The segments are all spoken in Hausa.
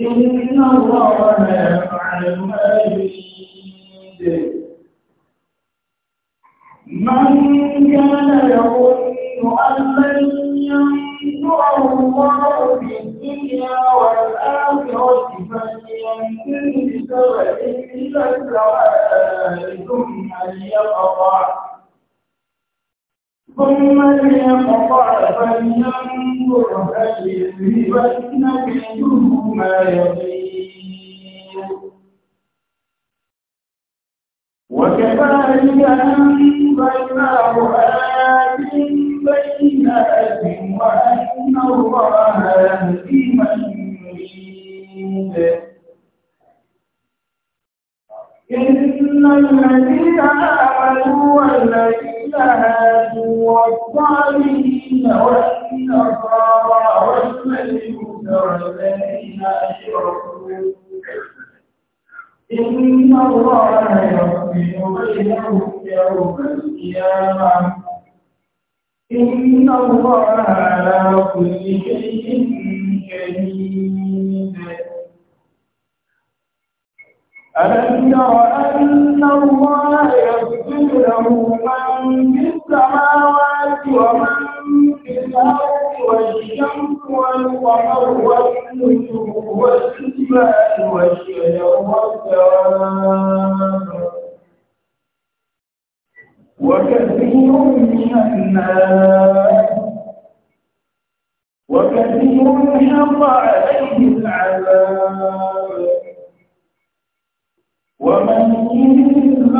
إن الله لا يفعل ما يريد من كان يظن أن لن الله في الدنيا والآخرة فليمكن بسبب إلى السواء ثم ليقطع ثم ليقطع وفشل وإنك ما يضيع وكذلك أنزلناه آيات بينات وأن الله يهدي من يريد إن الذين آمنوا والذين هادوا والصالحين والنصارى والمجوس والذين أشركوا إن الله يغفر بينهم يوم القيامة إن الله على كل شيء كريم ألم تر أن الله يغفر له من في السماوات ومن في الأرض والشمس والقمر والنجوم والجبال والشجر والدواب وكثير من الناس وكثير حق عليه العذاب ومن يهد الله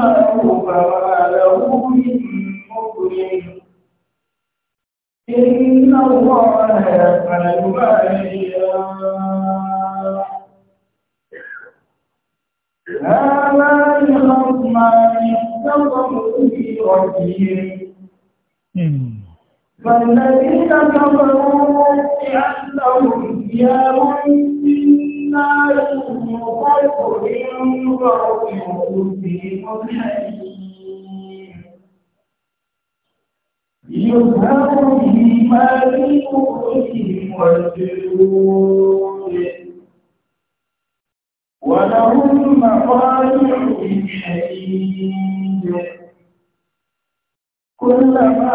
فما له من إن الله يفعل ما يشاء هذان خصمان اختصموا في ربهم فالذين كفروا متعت لهم ثياب من نار يصب من فوق رؤوسهم الحديد يظهر به في قلوبهم والجلود ولهم مقالع من كلما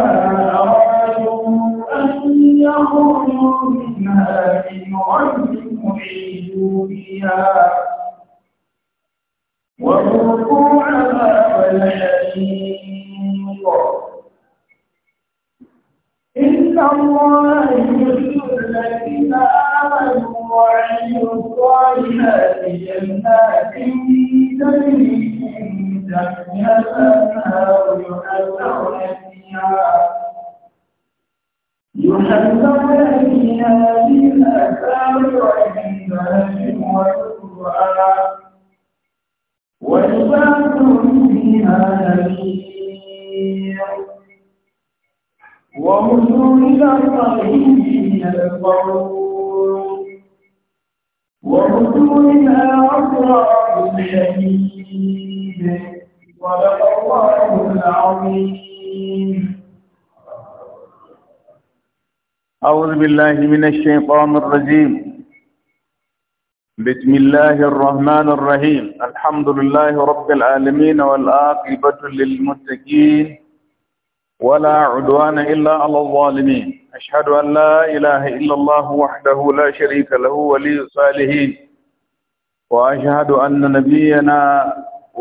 أرادوا أن يخرجوا منها من غير يعيدوا فيها وذوقوا عذاب الحريق إن الله يحب الذين آمنوا وعملوا أعوذ بالله من الشيطان الرجيم بسم الله الرحمن الرحيم الحمد لله رب العالمين والآقبة للمتقين ولا عدوان إلا على الظالمين أشهد أن لا إله إلا الله وحده لا شريك له ولي الصالحين وأشهد أن نبينا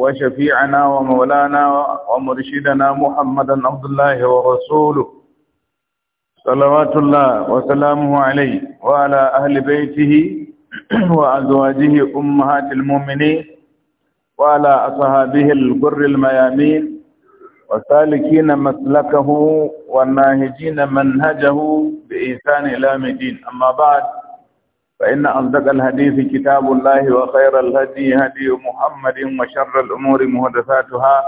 وشفيعنا ومولانا ومرشدنا محمدا عبد الله ورسوله صلوات الله وسلامه عليه وعلى أهل بيته وأزواجه أمهات المؤمنين وعلى أصحابه البر الميامين وسالكين مسلكه والناهجين منهجه بإنسان إلى مدين أما بعد فإن أصدق الحديث كتاب الله وخير الهدي هدي محمد وشر الأمور مهدفاتها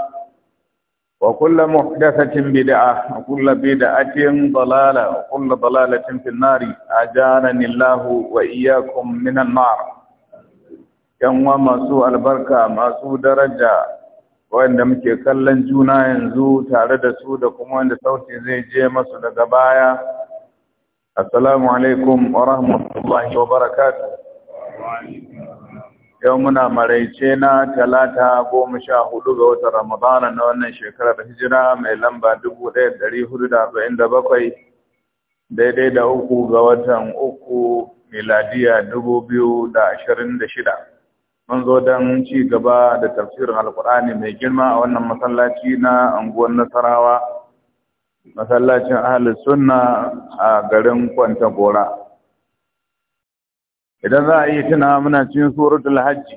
wa kulla muhdathatin bid'a wa kulla bid'atin dalala wa kulla dalalatin fin nari ajana nillahu wa iyyakum minan an-nar yan wa masu albarka masu daraja wanda muke kallon juna yanzu tare da su da kuma wanda sauti zai je masu daga baya assalamu alaikum wa rahmatullahi wa barakatuh yau muna maraice na talata goma sha hudu ga watan ramadana na wannan shekarar hijira mai lamba dubu ɗaya ɗari hudu da arba'in da bakwai daidai da uku ga watan uku miladiya dubu biyu da ashirin da shida mun zo don ci gaba da tafsirin alkur'ani mai girma a wannan masallaci na anguwar nasarawa masallacin ahalus sunna a garin kwanta gora idan za a iya tuna muna cikin suratul hajji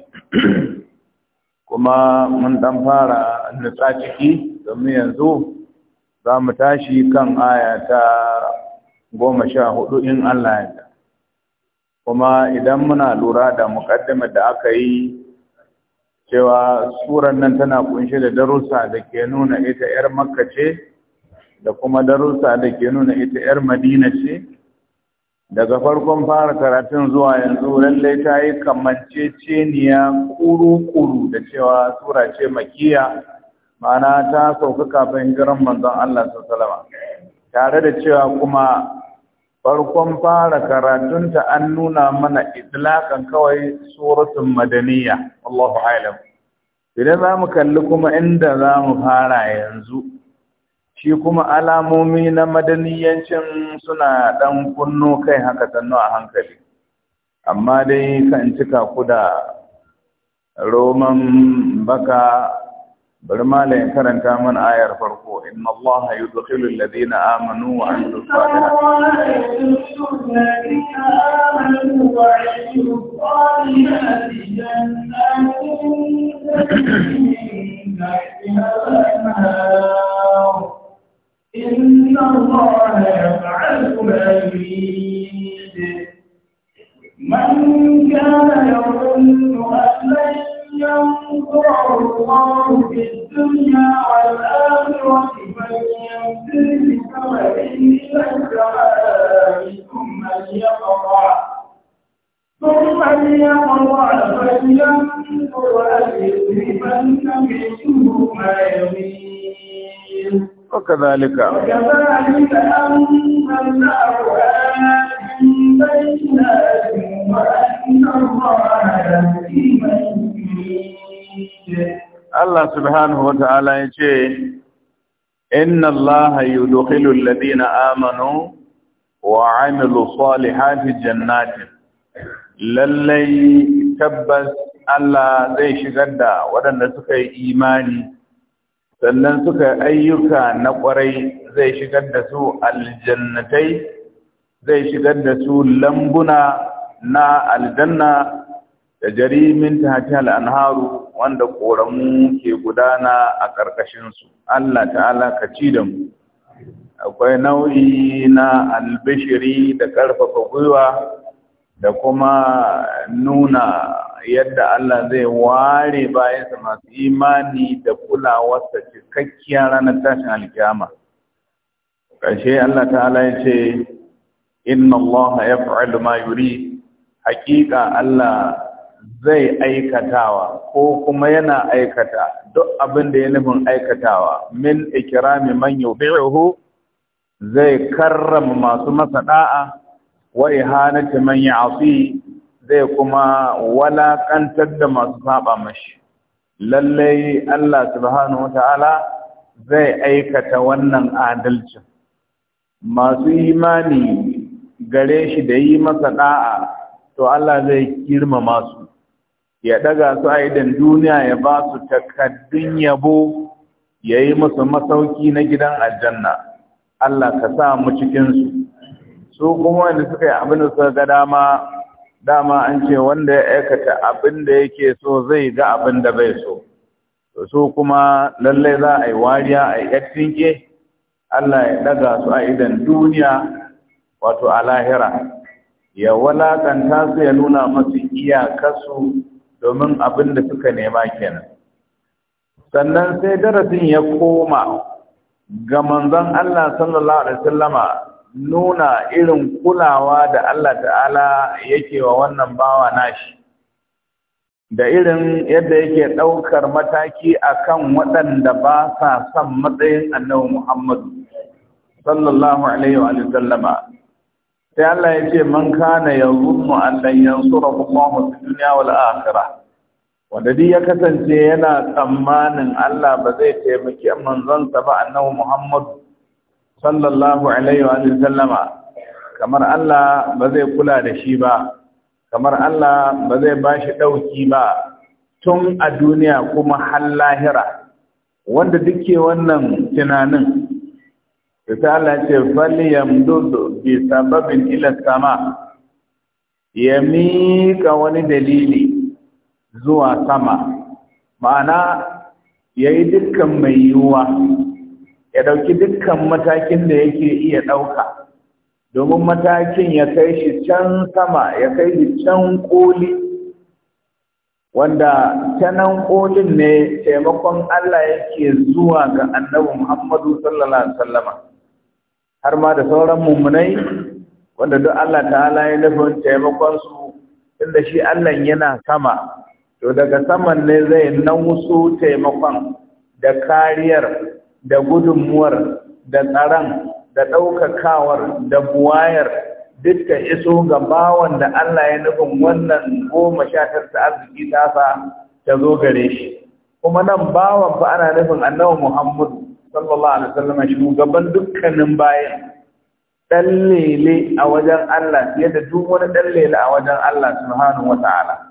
kuma mun dan fara nutsa ciki domin yanzu za mu tashi kan aya ta goma sha hudu in Allah ya kuma idan muna lura da mukaddimar da aka yi cewa suran nan tana kunshe da darussa da ke nuna ita 'yar makka ce da kuma darussa da ke nuna ita 'yar madina ce daga farkon fara karatun zuwa yanzu lallai ta yi kamanceceniya kuru-kuru da cewa tura ce makiya mana ta sauka kafin hijiran manzon Allah salama tare da cewa kuma farkon fara karatun ta an nuna mana idlakan kawai suratun madaniya Allahu alam idan za mu kalli kuma inda za mu fara yanzu shi kuma alamomi na madaniyancin suna ɗan kunno kai haka sannu a hankali amma dai kan cika ku da roman baka bari malayin karanta min ayar farko inna Allah ya dukhilu alladhina amanu wa amilu salihati إن الله يفعل ما يريد من كان يظن أن ينصره الله في الدنيا والآخرة فليمتد بثمره إلى السماء ثم ليقطع ثم ليقطع فلينظر أيذهبن منه ما يغيظ وكذلك الله سبحانه وتعالى إن الله يدخل الذين آمنوا وعملوا صالحات الجنات للي تبس الله زي شغدا ودن سكي إيماني sannan suka ayyuka na kwarai zai shigar da su aljannatai zai shigar da su lambuna na aljanna da jarimin hati anharu wanda ƙoramu ke gudana a ƙarƙashinsu. Allah ta'ala ka ci da mu akwai nau'i na albishiri da ƙarfafa gwiwa da kuma nuna yadda Allah zai ware bayansa masu imani da kulawarsa cikakkiya ranar tashin alkiyama. Ƙarshe Allah ta'ala ya ce, Inna Allah ya fa'alu ma yuri, haƙiƙa Allah zai aikatawa ko kuma yana aikata duk abin da ya nufin aikatawa min ikirami man yau zai karrama masu masa ɗa'a wa ihanati man ya'si zai kuma walakantar da masu saba mashi lallai Allah subhanahu wata'ala zai aikata wannan adalcin masu imani gare shi da yi masa da'a to Allah zai girmama masu. ya daga su a idan duniya ya ba su takaddun yabo ya yi musu masauki na gidan aljanna Allah ka sa mu cikinsu su kuma wanda suka yi abin da suka ga dama dama an ce wanda ya aikata abin da yake so zai ga abin da bai so to su kuma lallai za a yi wariya a yi yattinke Allah ya daga su a idan duniya wato a lahira ya walakanta su ya nuna masu iyakarsu domin abin da suka nema kenan sannan sai darasin ya koma ga manzon Allah sallallahu alaihi wasallama nuna irin kulawa da Allah ta'ala yake wa wannan bawa nashi da irin yadda yake ɗaukar mataki akan waɗanda ba sa son matsayin annabi Muhammadu sallallahu alaihi wa sallama sai Allah ya ce man kana yazunnu an lan yansura Allah fi dunya wal akhirah wanda duk ya kasance yana tsammanin Allah ba zai taimaki manzon sa ba annabi Muhammadu sallallahu alaihi wa sallama kamar Allah ba zai kula da shi ba kamar Allah ba zai ba shi ɗauki ba tun a duniya kuma har lahira wanda duke wannan tunanin ta Allah ce falyamdud bi sababin ila sama ya miƙa wani dalili zuwa sama ma'ana ya yi dukkan mai yiwuwa ya ɗauki dukkan matakin da yake iya ɗauka domin matakin ya kai shi can sama ya kai shi can koli wanda canan kolin ne taimakon Allah yake zuwa ga annabi Muhammadu sallallahu alaihi wasallama har ma da sauran mummunai wanda duk Allah ta'ala ya nufin taimakon su tunda shi Allah yana sama to daga saman ne zai nauso taimakon da kariyar da gudunmuwar da tsaron da ɗaukakawar da buwayar duka iso ga bawan da Allah ya nufin wannan goma sha tarsa arziki tasa ta zo gare shi kuma nan bawan fa ana nufin annabi Muhammad sallallahu alaihi wasallam shugaban dukkanin bayan dan lele a wajen Allah yadda duk wani dan lele a wajen Allah subhanahu wataala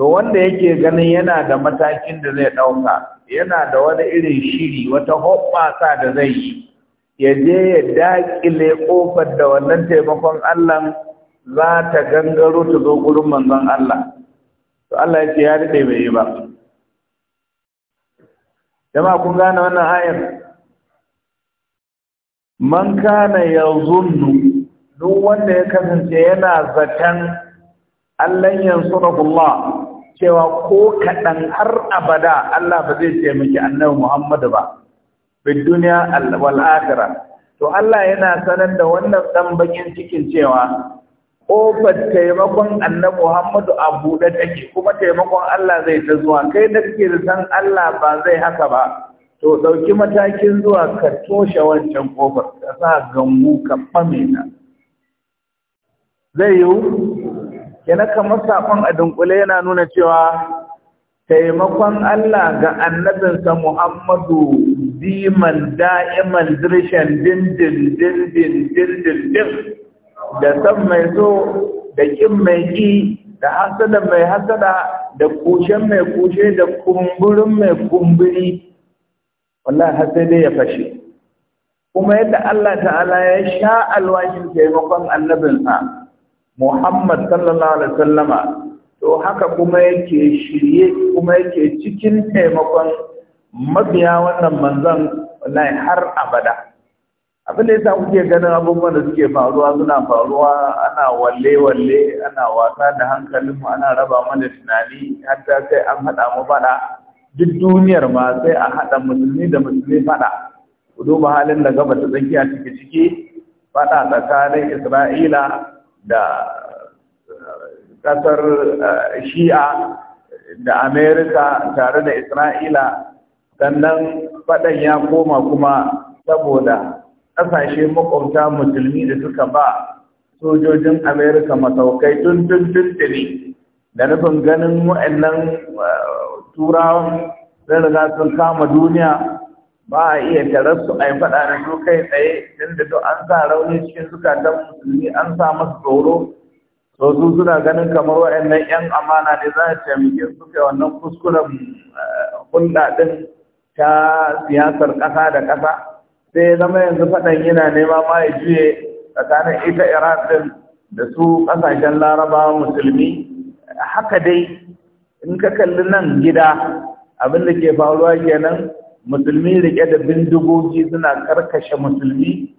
to wanda yake ganin yana da matakin da zai ɗauka yana da wani irin shiri wata hoɓɓasa da zai yi ya je ya daƙile ƙofar da wannan taimakon Allah za ta gangaro ta zo gurin manzon Allah to Allah ya ce ya daɗe bai yi ba jama'a kun gane wannan ayar man kana yazunnu duk wanda ya kasance yana zaton Allah yansuruhu Allah cewa ko kaɗan har abada Allah ba zai taimaki annabi Muhammadu ba bi duniya wal akhirah to Allah yana sanar da wannan dan bakin cikin cewa kofar taimakon annabi Muhammadu a buɗe take kuma taimakon Allah zai ta zuwa kai da da san Allah ba zai haka ba to ɗauki matakin zuwa ka toshe wancan kofar, ka sa gangu ka ɓame ta zai yiwu Yana kamar saƙon a dunkule yana nuna cewa taimakon Allah ga annabinsa Muhammadu ziman da'iman dirshen dindin dindin dindin din da san mai so da kin mai ki da hasada mai hasada da kushen mai kushe da kumburin mai kumburi wallahi har sai dai ya fashe kuma yadda Allah ta'ala ya sha alwashin taimakon annabinsa Muhammad sallallahu alaihi wasallama to haka kuma yake shirye kuma yake cikin taimakon mabiya wannan manzon wallahi har abada abin da yasa kuke ganin abubuwan da suke faruwa suna faruwa ana walle walle ana wasa da hankalin mu ana raba mana tunani hatta sai an haɗa mu fada duk duniyar ma sai a haɗa musulmi da musulmi faɗa. ku duba halin da gaba ta tsakiya ciki-ciki fada tsakanin Isra'ila da eh, ƙasar eh, shi'a da amerika tare da isra'ila sannan faɗan ya koma kuma saboda ƙasashe makwabta musulmi da suka ba sojojin amerika masaukai tun tun da nufin ganin wa'annan eh, turawan sun riga sun kama duniya ba a iya tarar su a yi faɗa da su kai tsaye inda duk an sa rauni cikin zukatan musulmi an sa masu tsoro to su suna ganin kamar wa'annan yan amana ne za a taimake su kai wannan kuskuren eh, hulɗa ɗin ta siyasar ƙasa da ƙasa sai ya zama yanzu faɗan yana nema ma ya juye tsakanin ita iran ɗin da su ƙasashen larabawa musulmi haka dai in ka kalli nan gida abin da ke faruwa kenan musulmi rike da bindigogi suna karkashe musulmi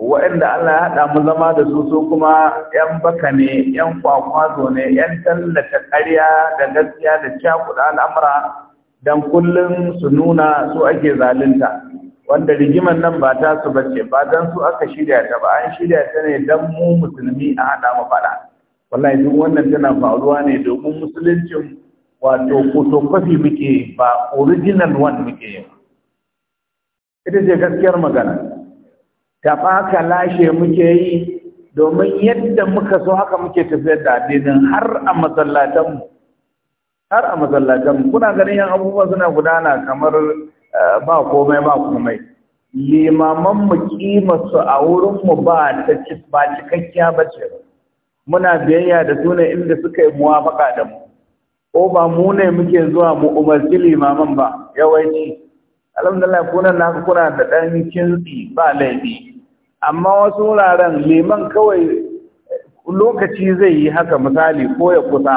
waɗanda Allah ya haɗa mu zama da su su kuma ‘yan baka ne, ‘yan kwakwazo ne, ‘yan tallata ƙarya da gaskiya da cakuɗa al'amura don kullum su nuna su ake zalunta. Wanda rigiman nan ba ta su bace ba don su aka shirya ta ba, an shirya ta ne don mu musulmi a haɗa mu faɗa. Wallahi duk wannan tana faruwa ne domin musuluncin wato photocopy muke ba original one muke yi ita ce gaskiyar magana taɓaka lashe muke yi domin yadda muka so haka muke tafiyar da addinin har a masallatanmu har a masallatanmu kuna ganin yan abubuwa suna gudana kamar eh, ba komai ba komai limaman mu su a wurinmu ba ta ba cikakkiya ba ce muna biyayya da suna inda suka yi muwafaka da mu ko ba mu ne muke zuwa mu umarci limaman ba yawanci alhamdulillah nan na kuna da ɗan kinsi ba laifi amma wasu wuraren liman kawai lokaci zai yi haka misali ko ya kusa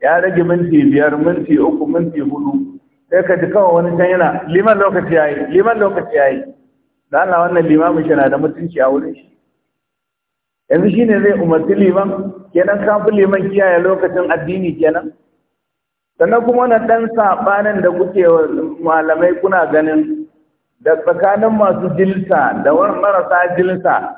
ya rage minti biyar minti uku minti hudu sai ka ji kawai wani can yana liman lokaci ya yi liman lokaci ya yi da Allah wannan limamin shi na da mutunci a wurin shi yanzu shine zai umarci liman kenan kafin liman kiyaye lokacin addini kenan sannan kuma na ɗan saɓanin da kuke malamai kuna ganin da tsakanin masu jilsa da marasa jilsa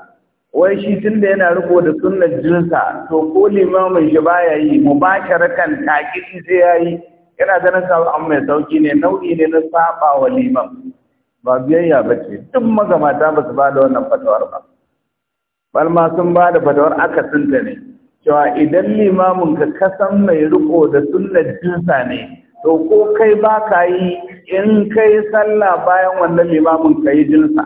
wai shi tun da yana riko da sunnar jilsa to ko limamin shi baya yi mu ba shi sai yi yana ganin sa an mai sauki ne nau'i ne na saɓa wa liman ba biyayya ba ce duk magamata ba su ba da wannan fatawar ba Balma sun ba da fatawar akasinta ne cewa idan limamin ka kasan mai riko da sunnar jinsa ne to ko kai ba ka yi in kai sallah bayan wannan limamin ka yi jinsa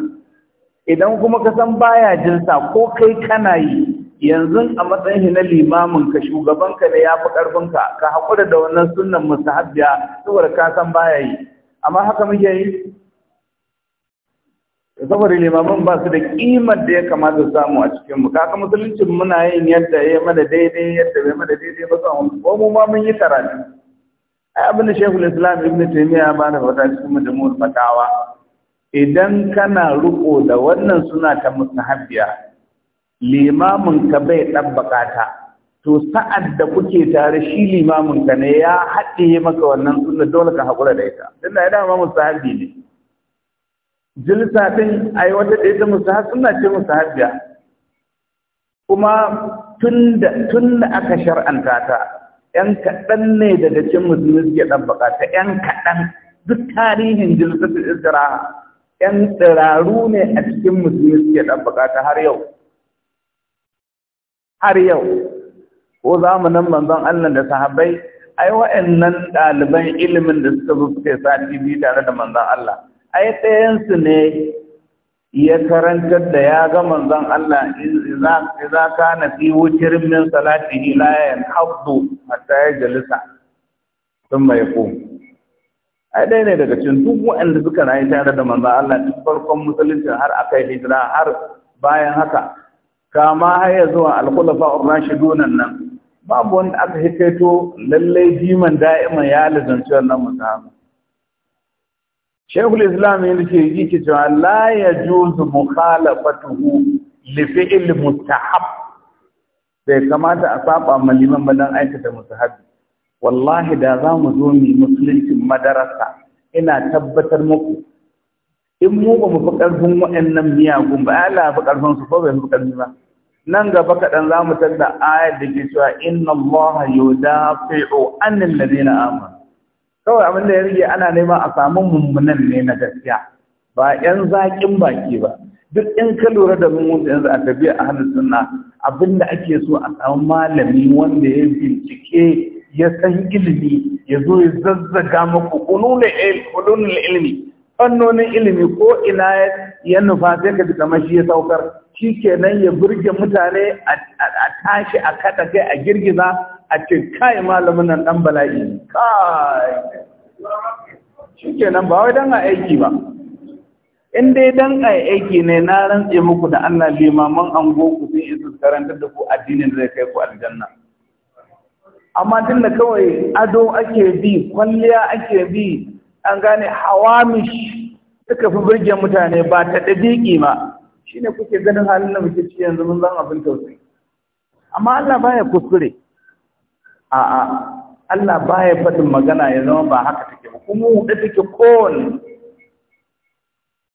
idan kuma kasan baya jinsa ko kai kana yi yanzu a matsayin na limamin ka shugaban ka ne ya fi karfin ka ka haƙura da wannan sunnan musahabiya saboda ka san baya yi amma haka muke yi saboda limaman ba su da kimar da ya kamata samu a cikin mu kaka musuluncin muna yin yadda ya mana daidai yadda ya mana daidai ba samu ko mu ma mun yi karatu ai abin da shekul islam ibn taymiya ba da fata cikin fatawa idan kana riko da wannan suna ta mustahabbiya limamin ka bai dabbaka ta to sa'ad da kuke tare shi limamin ka ne ya haɗe maka wannan sunna dole ka haƙura da ita tunda ya dama mustahabbi ne jilsa ɗin a yi wata ɗaya ta musahab suna ce musahabiya kuma tun da aka shar'anta ta ‘yan kaɗan ne daga cikin musulmi suke ɗan ta ‘yan kaɗan duk tarihin jilsa ta isra ‘yan tsiraru ne a cikin musulmi suke ɗan ta har yau har yau ko zamanin manzon Allah da sahabbai ai wa'annan ɗaliban ilimin da suka zo suke sa sati biyu tare da manzon Allah ai ɗayansu ne ya karantar da ya ga manzon Allah ka na fi wutirin min salatihi la yanhaddu hatta sun mai yaqum ai ɗaya ne daga cikin duk waɗanda suka rayu tare da manzon Allah duk farkon musulunci har aka yi hijira har bayan haka kama har ya zuwa al-khulafa ar nan babu wanda aka hikaito lallai jiman da'iman ya lazanci wannan musamman shaykhul islam yana ce yake cewa la yajuzu mukhalafatuhu li fi'l mustahab bai kamata a saba ma liman ba don aikata haɗu. wallahi da za mu zo mu musulunci madarasa ina tabbatar muku in mu ba mu fi ƙarfin waɗannan miyagun ba Allah fi ƙarfin su ko bai fi ƙarfi ba nan gaba kaɗan za mu tanda ayar da ke cewa inna Allah yudafi'u anil ladina amanu kawai abin da ya rage ana nema a samu mummunan ne na gaskiya ba yan zaƙin baki ba duk in ka lura da mun yanzu a tafiya a hannun sunna abin da ake so a samu malami wanda ya bincike ya san ilimi ya zo ya zazzaga muku ulul ilimi fannonin ilimi ko ina ya nufa sai ka ji kamar shi ya saukar shi kenan ya burge mutane a tashi a kaɗa kai a girgiza a ce kai malamin nan dan bala'i kai shi kenan ba wai dan a aiki ba in dai dan a aiki ne na rantse muku da Allah limaman ango ku sun isa karantar da ku addinin da zai kai ku aljanna amma da kawai ado ake bi kwalliya ake bi an gane hawamish suka fi birge mutane ba ta dabiƙi ba shine kuke ganin halin da muke ci yanzu mun zan abin tausayi amma Allah baya kuskure a'a Allah baya faɗin magana ya zama ba haka take ba kuma huɗe take kowanne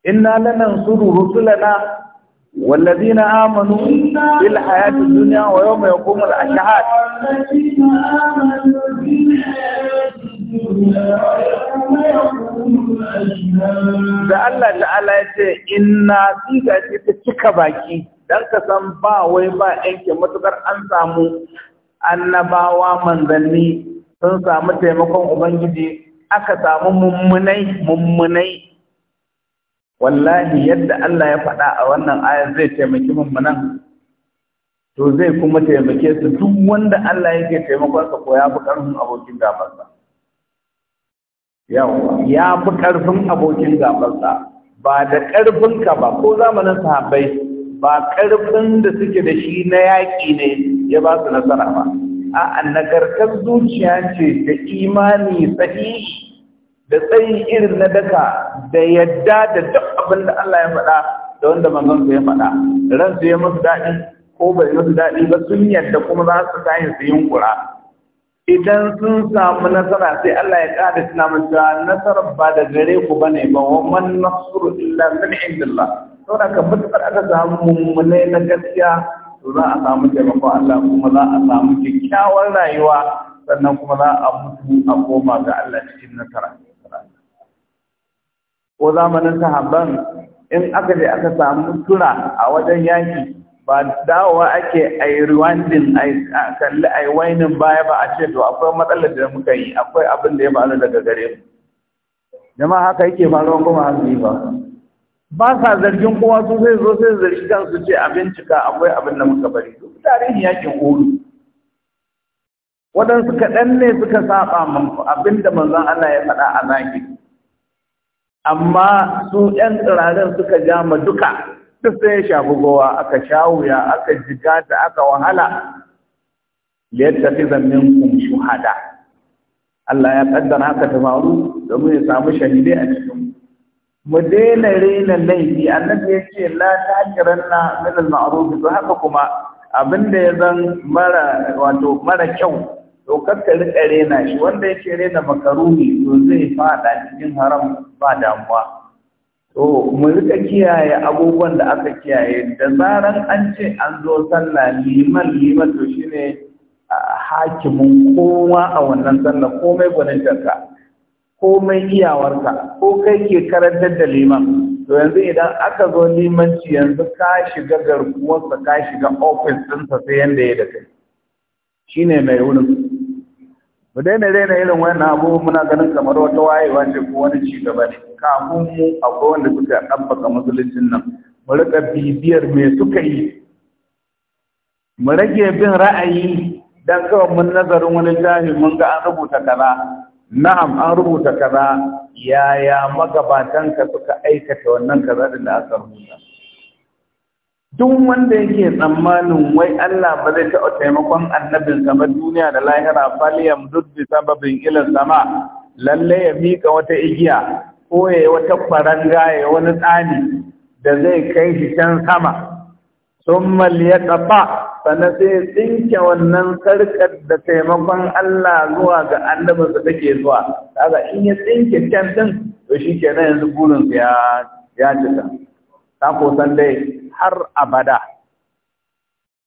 inna lanansuru rusulana والذين آمنوا في الحياة الدنيا ويوم يقوم ashhad da Allah ta'ala ya ce inna siga ce ta cika baki dan ka san ba wai ba yanke matukar an samu annabawa manzanni sun samu taimakon ubangiji aka samu mummunai mummunai wallahi yadda Allah ya faɗa a wannan ayar zai taimaki mummunan to zai kuma taimake su duk wanda Allah yake taimakon sa ko ya fi ƙarfin abokin gabansa yawa ya fi ƙarfin abokin gabansa ba da ƙarfinka ka ba ko zamanin sahabbai ba ƙarfin da suke da shi na yaƙi ne ya ba su nasara ba a nagartar zuciya ce da imani sahihi da tsayi irin na daka da yadda da duk abin da Allah ya faɗa da wanda manzon ya faɗa ran su ya musu daɗi ko bai musu daɗi ba sun yadda kuma za su tashi su yunkura idan sun samu nasara sai Allah ya ƙara tuna mun cewa nasarar ba da gare ku ne ba wa man nasru illa min indillah saboda ka mutakar aka samu mummunai na gaskiya to za a samu taimakon Allah kuma za a samu kyakkyawar rayuwa sannan kuma za a mutu a koma ga Allah cikin nasara ko zamanin sahabban in aka je aka samu tura a wajen yaki ba dawowa ake a yi rewinding a kalli a yi wainin baya ba a ce to akwai matsalar da muka yi akwai abin da ya faru daga gare mu jama'a haka yake faruwa kuma haka yi ba ba sa zargin kowa su sai zo sai zargi kansu ce a bincika akwai abin da muka bari duk tarihin yakin horo waɗansu kaɗan ne suka saba abin da manzon Allah ya faɗa a zaki amma su ƴan tsirarin suka ja ma duka duk sai ya shafi gowa aka shawuya aka jigata aka wahala liyattakhidha kun shuhada Allah ya kaddara haka ta faru domin ya samu shahidai a cikin mu daina rena laifi annabi ya ce la taqiranna min al-ma'ruf to haka kuma abinda ya zan mara wato mara kyau to kakka rika rena shi wanda yake rena makaruni to zai fada cikin haram ba damuwa to mu rika kiyaye abubuwan da aka kiyaye da zaran an ce an zo sallah liman liman to shine hakimin kowa a wannan sallah komai gwanin tarka komai iyawarka ko kai ke karantar da liman to yanzu idan aka zo limanci yanzu ka shiga garkuwarsa ka shiga ofis ɗinsa sai yanda ya da kai shi ne mai wurin mu daina daina irin wannan abu muna ganin kamar wata wayewa ce ko wani ci gaba ne kafin mu akwai wanda suka ɗabbaka musuluncin nan mu riƙa bibiyar me suka yi mu rage bin ra'ayi dan kawai mun nazarin wani jahil mun ga an rubuta kaza na'am an rubuta kaza yaya magabatanka suka aikata wannan kaza din da aka rubuta duk wanda yake tsammanin wai Allah ba zai taɓa taimakon annabin sama duniya da lahira faliyam duk sababin ilan sama lalle ya mika wata igiya ko ya yi wata faranga ya wani tsani da zai kai shi can sama sun maliyata ba sannan sai ya wannan sarkar da taimakon Allah zuwa ga annabinsa take zuwa kaga in ya tsinke can din to shi kenan yanzu burinsa ya ya cika ta san dai har abada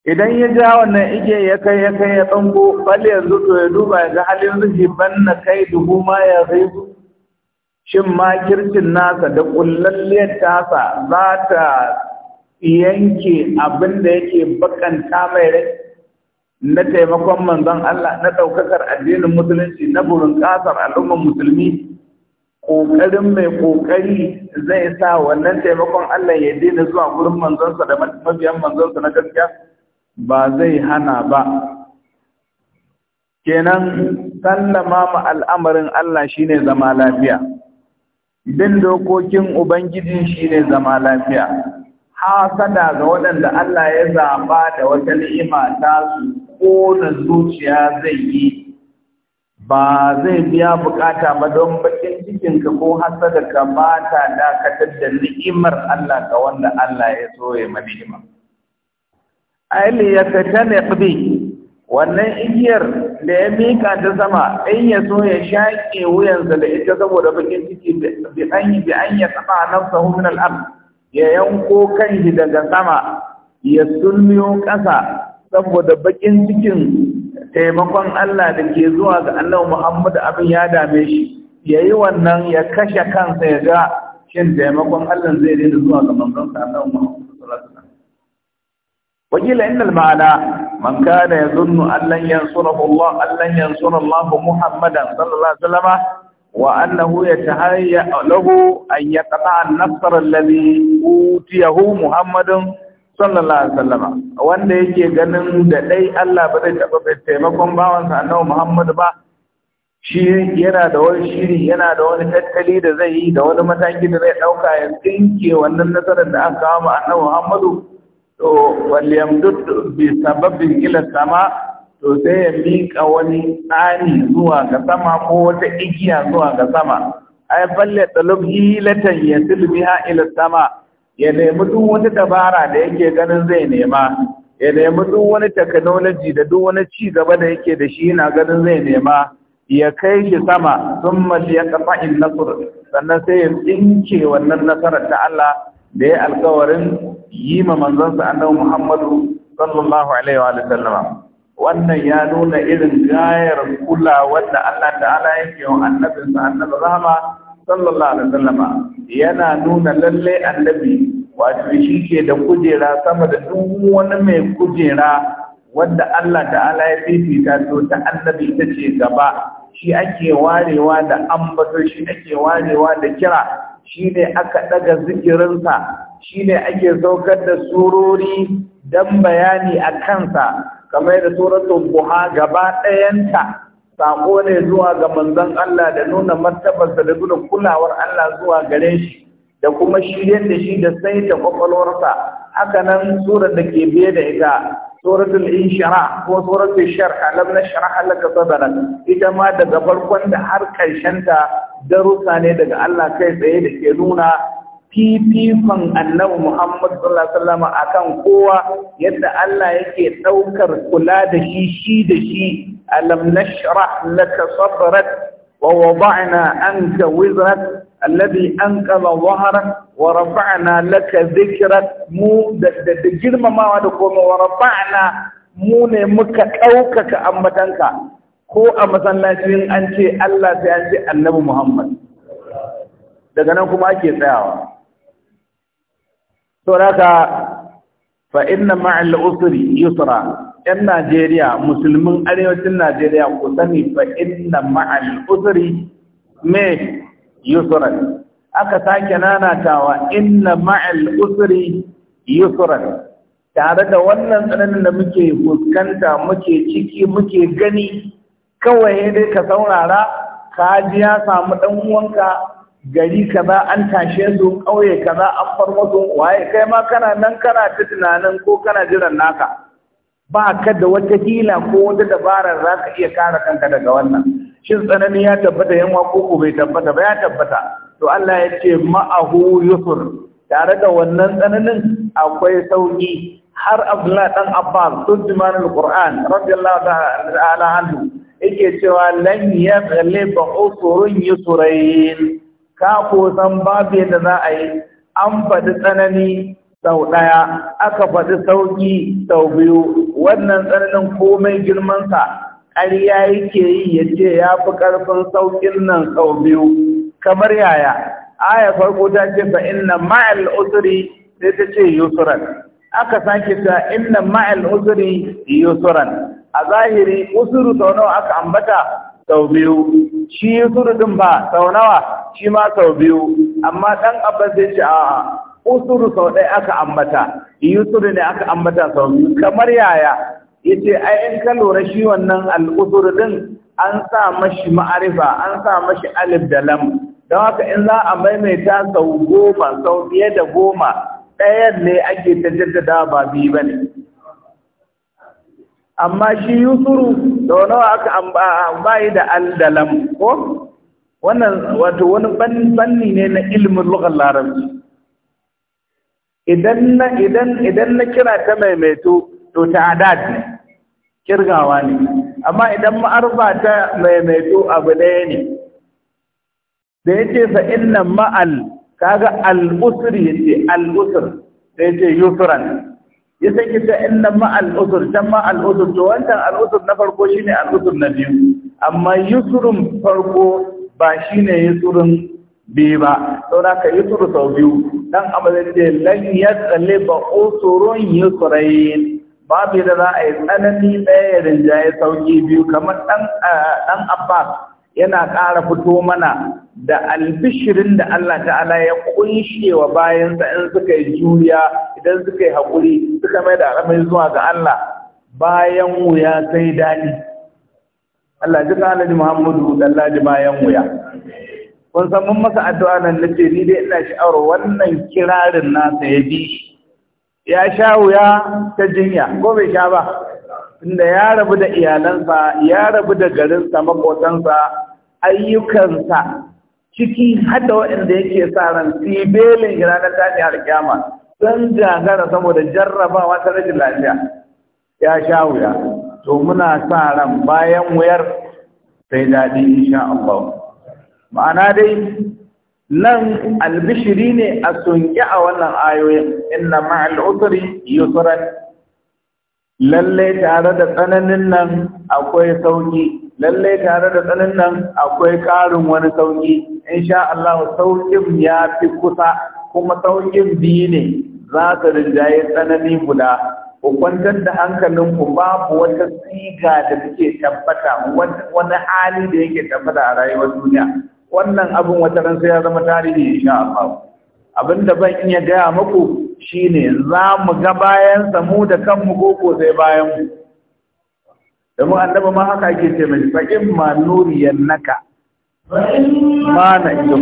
idan ya ja wannan ige ya kai ya kai ya tsango bal yanzu to ya duba ya ga halin zuci banna kai dubu ma ya zai shin kirkin nasa da kullalliyar tasa za ta yanke abin da yake bakanta mai rai na taimakon manzon Allah na ɗaukakar addinin musulunci na burin ƙasar al'ummar musulmi ƙoƙarin mai ƙoƙari zai sa wannan taimakon Allah ya daina zuwa gurin manzonsa da mabiyan manzonsa na gaskiya ba zai hana ba kenan sallama ma al'amarin Allah shine zama lafiya bin dokokin ubangiji shine zama lafiya hasada ga waɗanda Allah ya zaba da wata ni'ima ta su na zuciya zai yi ba zai biya bukata ba don bakin ka ko hasada ka ba ta dakatar da ni'imar Allah ga wanda Allah ya so ya ma ni'ima ayli ya bi wannan igiyar da ya mika ta sama in ya so ya shaƙe wuyansa da ita saboda bakin ciki bi an yi bi an ya tsaba nafsahu min al ya yanko shi daga sama ya sulmiyo ƙasa saboda bakin cikin taimakon Allah da ke zuwa ga Allah Muhammadu abin ya dame shi ya yi wannan ya kashe kansa ya ga shin taimakon Allah zai daina zuwa ga manzon Allah Muhammadu sallallahu alaihi wakila inda ma'ana man kana zunnu an lan yansurahu Allah an lan yansura Allah Muhammadan sallallahu alaihi wasallam وأنه يتهيأ ya أن يقطع النصر الذي أوتيه محمد sallallahu alaihi wasallama wanda yake ganin da dai Allah ba zai taba taimakon bawansa annabi Muhammad ba shi yana da wani shiri yana da wani tattali da zai yi da wani mataki da zai dauka ya tsinke wannan nasarar da aka kawo annabi Muhammadu. to wal yamdud bi sababin ila sama to sai ya mika wani tsani zuwa ga sama ko wata igiya zuwa ga sama ai falle talub hilatan ya silbiha ila sama ya nemi duk wata dabara da yake ganin zai nema ya nemi duk wani technology da duk wani ci gaba da yake da shi yana ganin zai nema ya kai shi sama sun ya kafa in nasur sannan sai ya tsinke wannan nasarar ta Allah da ya alkawarin yi ma manzansa annabi Muhammadu sallallahu alaihi wa sallama wannan ya nuna irin gayar kula wanda Allah ta'ala yake wa sa, annabi rahama sallallahu alaihi wasallama yana nuna lalle annabi wato shi ke da kujera sama da duk wani mai kujera wanda Allah ta'ala ya fifita to ta annabi ta ce gaba shi ake warewa da ambato shi ake warewa da kira shi ne aka daga zikirinsa shi ne ake saukar da surori don bayani a kansa kamar da suratun buha gaba ɗayanta sako ne zuwa ga manzon Allah da nuna martabarsa da nuna kulawar Allah zuwa gare shi da kuma shiryar da shi da saita kwakwalwarsa haka nan surar da ke biye da ita suratul inshara ko suratul sharh na Shara laka sadrak ita ma daga farkon da har karshen ta darussa ne daga Allah kai tsaye da ke nuna fifikon annabi Muhammad sallallahu alaihi wasallam akan kowa yadda Allah yake ɗaukar kula da shi shi da shi alam nashrah laka sadrak wa wada'na anka wizrak alladhi anqadha dhahrak wa rafa'na laka dhikrak mu da girmamawa da komai wa rafa'na mu ne muka ɗaukaka ambatanka ko a masallacin an ce Allah sai an ce annabi Muhammad daga nan kuma ake tsayawa sauraka fa inna ma'al usri yusra yan Najeriya musulmin arewacin Najeriya ku sani fa inna ma'al usri me yusra aka sake nanatawa inna ma'al usri yusra tare da wannan tsananin da muke fuskanta muke ciki muke gani kawai dai ka saurara ka ji ya samu dan uwanka gari kaza an tashe su ƙauye kaza an far musu waye kai ma kana nan kana ta tunanin ko kana jiran naka ba ka da wata hila ko wata dabarar za ka iya kare kanka daga wannan shin tsanani ya tabbata yanwa ko ko bai tabbata ba ya tabbata to Allah ya ce ma'ahu yusur tare da wannan tsananin akwai sauki har Abdullah dan Abbas tudman al-Qur'an radiyallahu ta'ala anhu yake cewa lan yaghlib usurun yusrayn ka kosan babu yadda za a yi an faɗi tsanani sau ɗaya aka faɗi sauƙi sau biyu wannan tsananin komai girmansa ƙarya yake yi ya ce ya fi ƙarfin sauƙin nan sau biyu kamar yaya aya farko ta ce fa inna ma'al usri sai ta ce yusran aka sake ta inna ma'al usri yusran a zahiri usuru sau nawa aka ambata sau biyu shi usuru din ba sau nawa shi ma sau biyu amma ɗan abbas zai ce a'a usuru sau ɗaya aka ambata yusuru ne aka ambata sau biyu kamar yaya yace ai in ka lura shi wannan al'usuru din an sa mashi ma'arifa an sa mashi alif da lam don haka in za a maimaita sau goma sau biye da goma ɗayan ne ake ta jaddada ba biyu ba ne amma shi yusuru da nawa aka bayi da aldalam ko wannan wato wani banni ne na ilimin lugar larabci idan na idan idan na kira ta maimaito to adad ne kirgawa ne amma idan maarba ta maimaito abu ɗaya ne da yace sa'in nan ma'al kaga al ya ce al da ya ce yusuran ya sai ki ta inna ma al'udur dan ma al'udur to wancan al'udur na farko shine al'udur na biyu amma yusurun farko ba shine yusurun biyu ba saboda ka yusuru sau biyu dan amalin da lan tsalle ba usurun ba babu da za a yi tsanani ɗaya rinjaye sauki biyu kamar dan dan abbas yana ƙara fito mana da albishirin da Allah ta'ala ya ƙunshewa wa bayansa in suka yi juriya idan suka yi haƙuri suka mai da alamai zuwa ga Allah bayan wuya sai daɗi Allah ji kalaji Muhammadu dallaji bayan wuya kun san mun masa addu'a nan nace ni dai ina sha'awar wannan kirarin nasa ya bi ya sha wuya ta jinya ko bai sha ba inda ya rabu da iyalansa ya rabu da garinsa makotansa ayyukansa ciki hada waɗanda yake sa ran sibelin ranar tashi har kyama don gagara saboda jarrabawa ta rashin lafiya ya sha wuya to muna sa ran bayan wuyar sai daɗi insha Allah ma'ana dai nan albishiri ne a sunke a wannan ayoyin inna ma'al usri yusran lalle tare da tsananin nan akwai sauki lalle tare da tsananin nan akwai ƙarin wani sauki insha Allah saukin ya fi kusa kuma saukin biyu ne za ta rinjaye tsanani guda ku kwantar da hankalin ku babu wata siga da take tabbata wani hali da yake tabbata a rayuwar duniya wannan abin wata ran sai ya zama tarihi insha Allah abinda ban iya gaya muku shine za mu ga bayan mu da kanmu koko sai bayan mu domin annaba ma haka ake ce mai in ma nuri naka ma na ido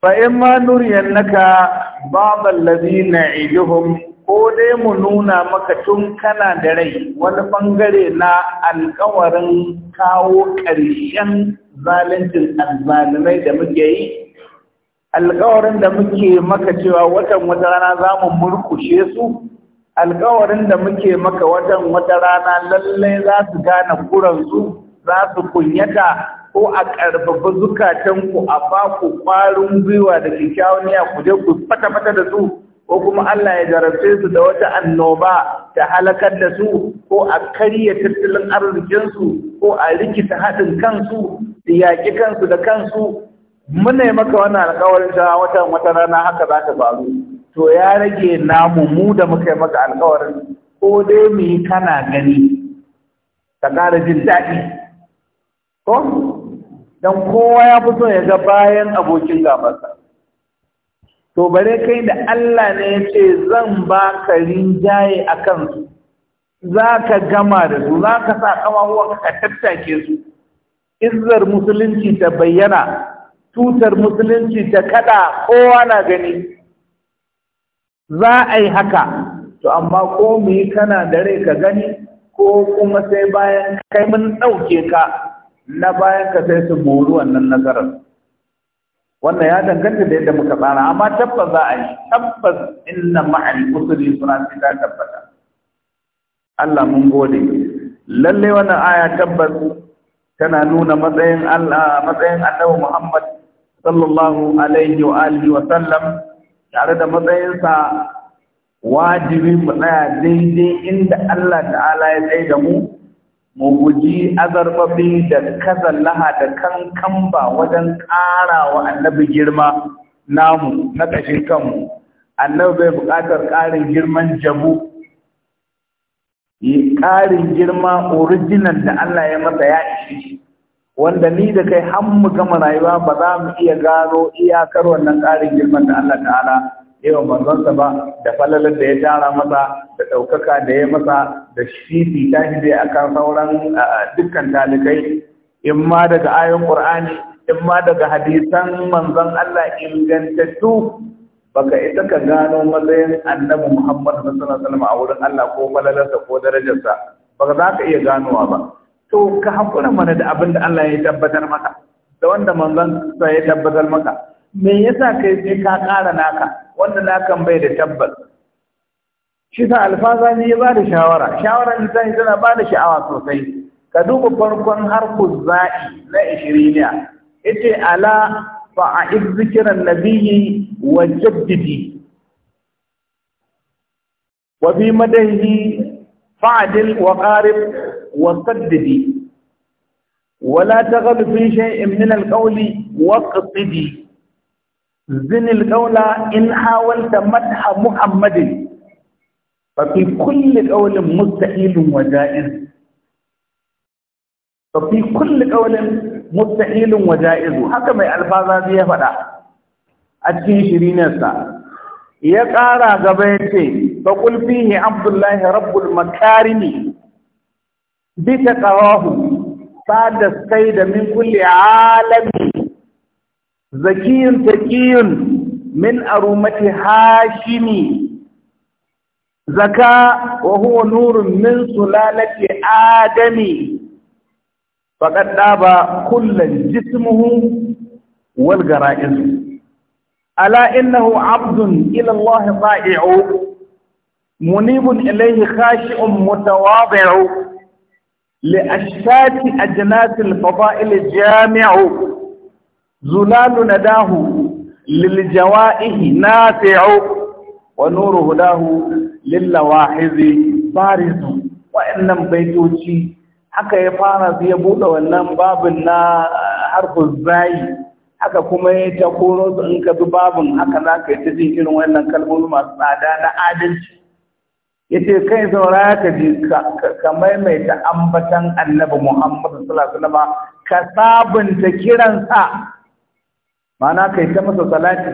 fa in ma nuri naka ba ballazi na idihum ko dai mu nuna maka tun kana da rai wani bangare na alkawarin kawo ƙarshen zaluncin alzalimai da muke yi alkawarin da muke maka cewa watan wata rana za mu murkushe su alkawarin da muke maka watan wata rana lallai za su gane kuransu za su kunyata ko a ƙarfafa zukatanku a baku ƙwarin gwiwa da kyakkyawan niyya ku je ku fata-fata da su ko kuma Allah ya jarabce su da wata annoba ta halakar da su ko a karya tattalin arzikinsu ko a rikita haɗin kansu da yaƙi kansu da kansu muna maka wannan alƙawarin ta wata wata rana haka za ta faru to ya rage namu mu da muka yi maka alƙawarin ko dai mu yi kana gani ka ƙara jin daɗi ko don kowa ya fi so ya ga bayan abokin gabansa to bare kai da Allah ne ya ce zan ba ka rinjaye a kansu za ka gama da su za ka sa kamawa ka tattake su izzar musulunci ta bayyana tutar musulunci ta kada kowa na gani za a yi haka to amma ko mu yi kana da rai ka gani ko kuma sai bayan kai mun ɗauke ka na bayan ka sai su bori wannan nasarar wannan ya danganta da yadda muka tsara amma tabbas za a yi tabbas inna ma'al usri suna ta tabbata Allah mun gode lalle wannan aya tabbas tana nuna matsayin Allah matsayin Annabi Muhammad sallallahu alaihi wa alihi wa sallam tare da matsayinsa wajibi mu tsaya daidai inda Allah ta'ala ya tsaye da mu mu guji azarbabi da kazallaha da kankamba wajen ƙara wa annabi girma namu na ƙashin kanmu annabi bai buƙatar ƙarin girman jabu ƙarin girma original da Allah ya masa ya ishi wanda ni da kai har mu gama rayuwa ba za mu iya gano iyakar wannan ƙarin girman da Allah ta'ala yawan manzonsa ba da falalar da ya tara masa da ɗaukaka da ya masa da shifi ta hide a kan sauran dukkan talikai in ma daga ayon ƙur'ani in ma daga hadisan manzon Allah ingantattu baka ita ka gano matsayin annabi Muhammad sallallahu alaihi wasallam a wurin Allah ko falalarsa ko darajarsa baka za ka iya ganowa ba to ka hakura mana da abinda Allah ya tabbatar maka da wanda manzon sa ya tabbatar maka me yasa kai sai ka ƙara naka wanda nakan bai da tabbas shi sa ne ya ba da shawara shawarar lisani tana ba da sha'awa sosai ka duba farkon harkun za'i na ishiriniya ita ala fa fa'a'id zikiran nabiyyi wa jaddidi wa bi madaihi fa'adil wa qarib wa saddidi ولا تغل في شيء من القول واقصدي zinil ƙaula in hawalta madha muhammadin ba fi kulli ƙaunin musta'ilin wa ja'iz kulli haka mai alfaza ya faɗa a cikin nesa. ya ƙara gaba ya ce ba ƙulfi ne abdullahi rabbul makarimi bisa ƙawahu sa da sai da min kulli alamin زكي تقي من أرومة هاشمي زكاء وهو نور من سلالة آدم فقد داب كل جسمه والجرائز ألا إنه عبد إلى الله طائع منيب إليه خاشع متواضع لأشتات أجناس الفضائل جامع zulalu nadahu lil jawaihi nafi'u wa nuru hudahu lil lawahizi barizu wa'annan baitoci haka ya fara su ya buɗe wannan babin na eh, harfin zayi haka kuma ya ta koro su in ka bi babin haka za ka yi ta jin irin wannan kalmomi masu tsada na adalci ya ce kai saura ka ji ka maimaita ambatan annabi muhammadu sallallahu alaihi ka sabunta kiransa mana kai ta masa salati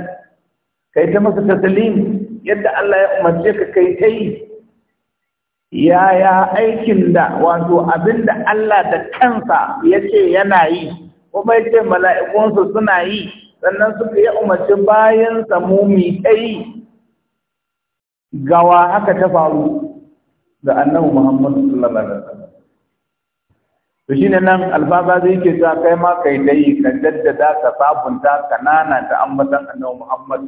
kai ta masa taslim yadda Allah ya umarce ka kai ta yi yaya aikin da wato abinda Allah da kansa ya ce yana yi kuma ya ce mala'ikunsu suna yi sannan suka ya umarci samu mumi ta yi gawa haka ta faru ga annabi Muhammadu sallallahu alaihi wasallam to shine nan albaba zai ke sa kai ma kai dai ka daddada ka sabunta ka nana ta ambatan annabi Muhammad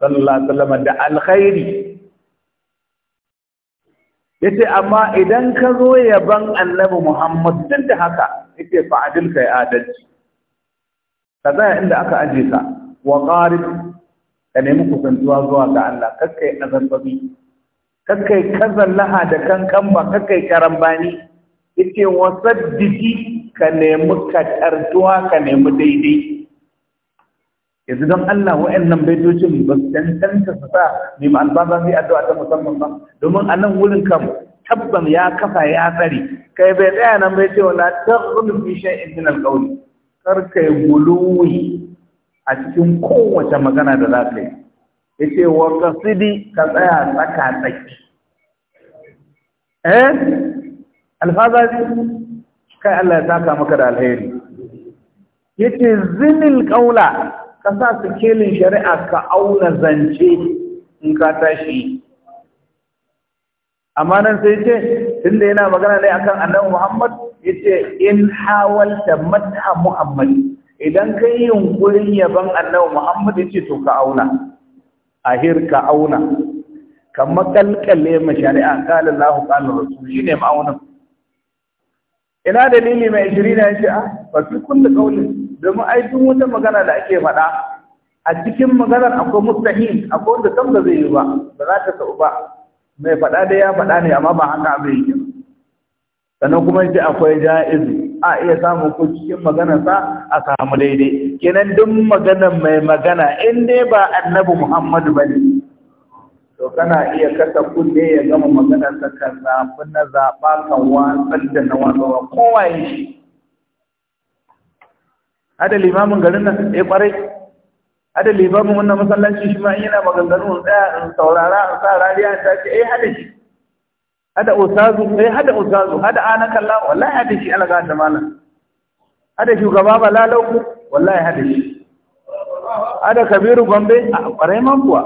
sallallahu alaihi wasallam da alkhairi yace amma idan ka zo yaban annabi Muhammad duk da haka yace fa adil kai adalci ka inda aka aje ka wa qarib ka nemi kusantuwa zuwa ga Allah kakkai azabbi kakkai kazallaha da kankan ba kakkai karambani wasa wasaddiki ka nemi katartuwa ka nemi daidai yanzu don Allah wa'annan baitocin ba su cancanta su sa mai ma'alba za su yi addu'a ta musamman ba domin a nan wurin kam tabban ya kafa ya tsari kai bai tsaya nan bai ce wala taqulu fi shay'in min al-qawli kar kai guluwi a cikin kowace magana da za ka yi yace wa qasidi ka tsaya tsaka tsaki eh alfazazi kai Allah ya saka maka da alheri yace zinil qaula ka sa kelin shari'a ka auna zance in ka tashi amma nan sai ce tunda yana magana ne akan annabi Muhammad yace in hawalta madha Muhammad idan kai yunkurin yaban annabi Muhammad yace to ka auna ahir ka auna kamar kalkale ma shari'a qala Allahu qala rasul shine ma'aunin ina dalili mai ishirina ya ce a ah, fafi kulle domin aikin wata magana da ake faɗa a cikin maganar akwai mustahil akwai wanda sam da zai yi ba ba za ta sau ba mai faɗa da ya faɗa ne amma ba haka abin yake sannan kuma yace akwai ja'izu a iya samun ko cikin maganar sa a samu daidai kenan duk maganar mai magana in dai ba annabi Muhammadu ba ne. to kana iya kasa kunne ya gama magana ta ka zaɓi na zaɓa ka watsar da na watsarwa kowa ya shi ada limamin garin nan ya eh, ƙwarai ada limamin wannan masallaci shi ma yana maganganu in tsaya in saurara in sa rariya ta ce eh hada shi hada ustazu eh hada ustazu hada kalla, wallahi hada shi alaga da malam hada shugaba ku, wallahi hada shi hada kabiru gombe a ƙware man kuwa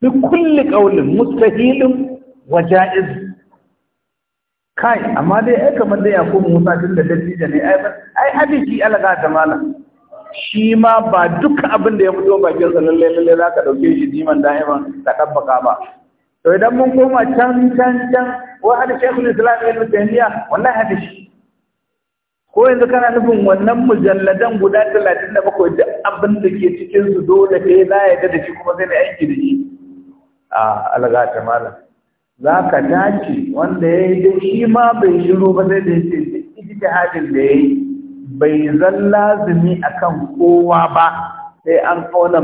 bi kulli qaulin mustahilin wa jaiz kai amma dai ai kamar da yakub musa din da dattijo ne ai ai hadisi alaga da malam shi ma ba duka abin da ya fito bakin sa lalle lalle ka dauke shi diman da'iman da tabbaka ba to idan mun koma can can can wa hada shaykhul islam ibn taymiya wallahi hadisi ko yanzu kana nufin wannan mujalladan guda 37 duk abin da ke cikin su dole kai za ya da shi kuma sai zai aiki da shi a alga ta malam za ka dace wanda yayi yi dai shi ma bai shiru ba sai da ya da yayi bai zan lazumi akan kowa ba sai an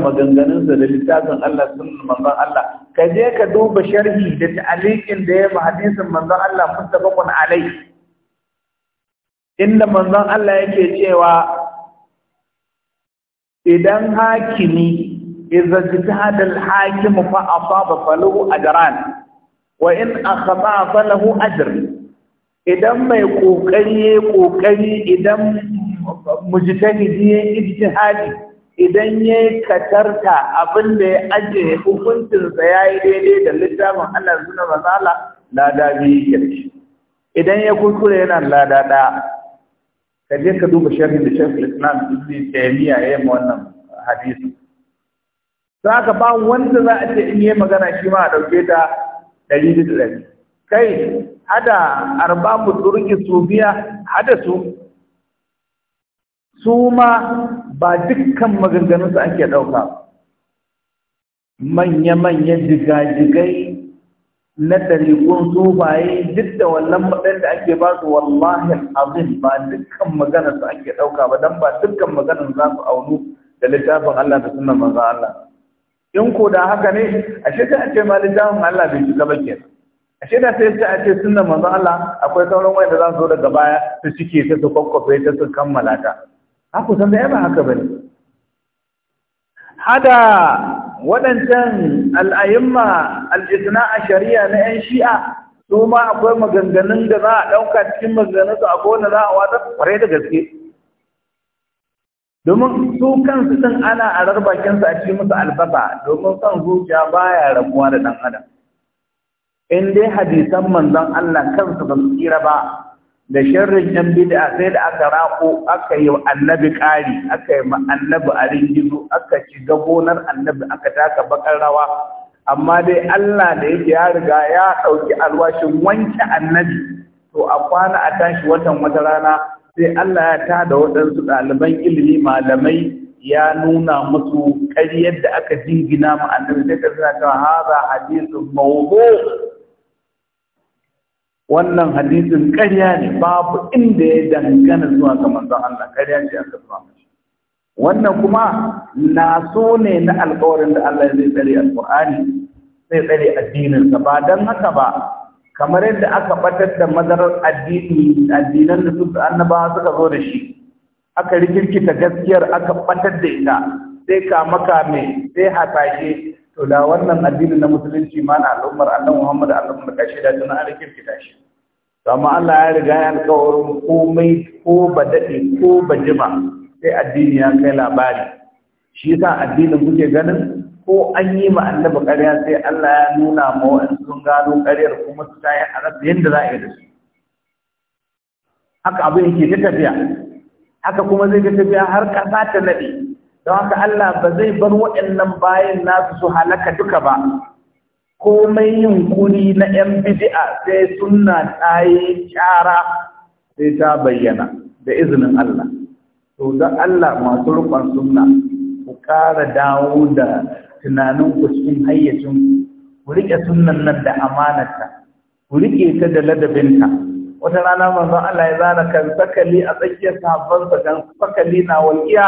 maganganun sa da littafin Allah sunan manzon Allah ka je ka duba sharhi da ta'aliqin da ya hadisin manzon Allah muttafaqun alai inda manzon Allah yake cewa idan hakimi إذا اجتهد الحاكم فأصاب فله أجران وإن أخطأ فله أجر إذا ما يقوكري يقوكري إذا مجتهدي اجتهادي idan ya katarta abin da ya ajiye hukuncinsa ya yi daidai da littafin Allah suna mazala lada biyu yake idan ya kuskure yana lada ɗaya ka je ka duba sharhin da shafi islam ibn taymiya ya yi wannan hadisi za ka ba wanda za a ce in yi magana shi ma a ɗauke ta ɗari da ɗari kai hada arbabu turki biya hada su su ma ba dukkan su ake ɗauka manya-manyan jigajigai na ɗariƙun zubaye duk da wannan matsayin da ake ba su wallahi azim ba dukkan maganar su ake ɗauka ba don ba dukkan maganar za su aunu da littafin Allah da sunan manzon Allah in ko da haka ne ashe a ce ma littafin Allah bai shiga ba kenan A da sai ta ce sunan manzon Allah akwai sauran wanda za su zo daga baya su cike ta su kwakwafe ta su kammala ta ha ku san da ba haka bane hada waɗancan al'ayyamma al'isna a shari'a na 'yan shi'a su ma akwai maganganun da za a ɗauka cikin maganganunsu a kowane za a wata kware da gaske domin su kansu sun ana arar bakinsu a cikin musu albaba, domin son zuciya baya rabuwa da ɗan adam in dai hadisan manzon Allah kansu ba su tsira ba da sharrin yan bid'a sai da aka rako aka yi annabi ƙari aka yi annabi a ringizo aka ci gabonar annabi aka taka bakar rawa amma dai Allah da yake ya riga ya ɗauki alwashin wanke annabi to a kwana a tashi watan wata rana sai Allah ya tada waɗansu ɗaliban ilimi malamai ya nuna musu ƙari yadda aka jingina mu da sai ka suna haza hadisin mawdu wannan hadisin ƙarya ne babu inda ya dangana zuwa ga manzon Allah ƙarya ce aka zuwa wannan kuma na so ne na alƙawarin da Allah ya zai tsare Al-Qur'ani, sai tsare addininsa ba dan haka ba kamar yadda aka batar da madarar addini addinan da su annabawa suka zo da shi aka rikirkita gaskiyar aka batar da ita sai maka kame sai hatashe to da wannan addinin na musulunci ma na al'ummar annabi Muhammad al'ummar kashi da tana an rikirkita shi to amma Allah ya riga ya alƙawarin komai ko ba ko ba jima sai addini ya kai labari shi yasa addinin kuke ganin ko an yi ma annabi ƙarya sai Allah ya nuna ma wa'ansu sun gano ƙaryar kuma su tayi a rabbi yadda za a yi da su haka abin yake ta tafiya haka kuma zai ta tafiya har ƙasa ta naɗe don haka Allah ba zai bar waɗannan bayan nasu su halaka duka ba komai yin kuri na ‘yan bidi'a sai sunna ta yi sai ta bayyana da izinin Allah to don Allah masu rukun sunna ku ƙara dawo da tunanin ku cikin hayyacin ku rike sunnan nan da amanarta ku rike ta da ladabinta wata rana manzon Allah ya zana kan sakali a tsakiyar sa kan sakali na walƙiya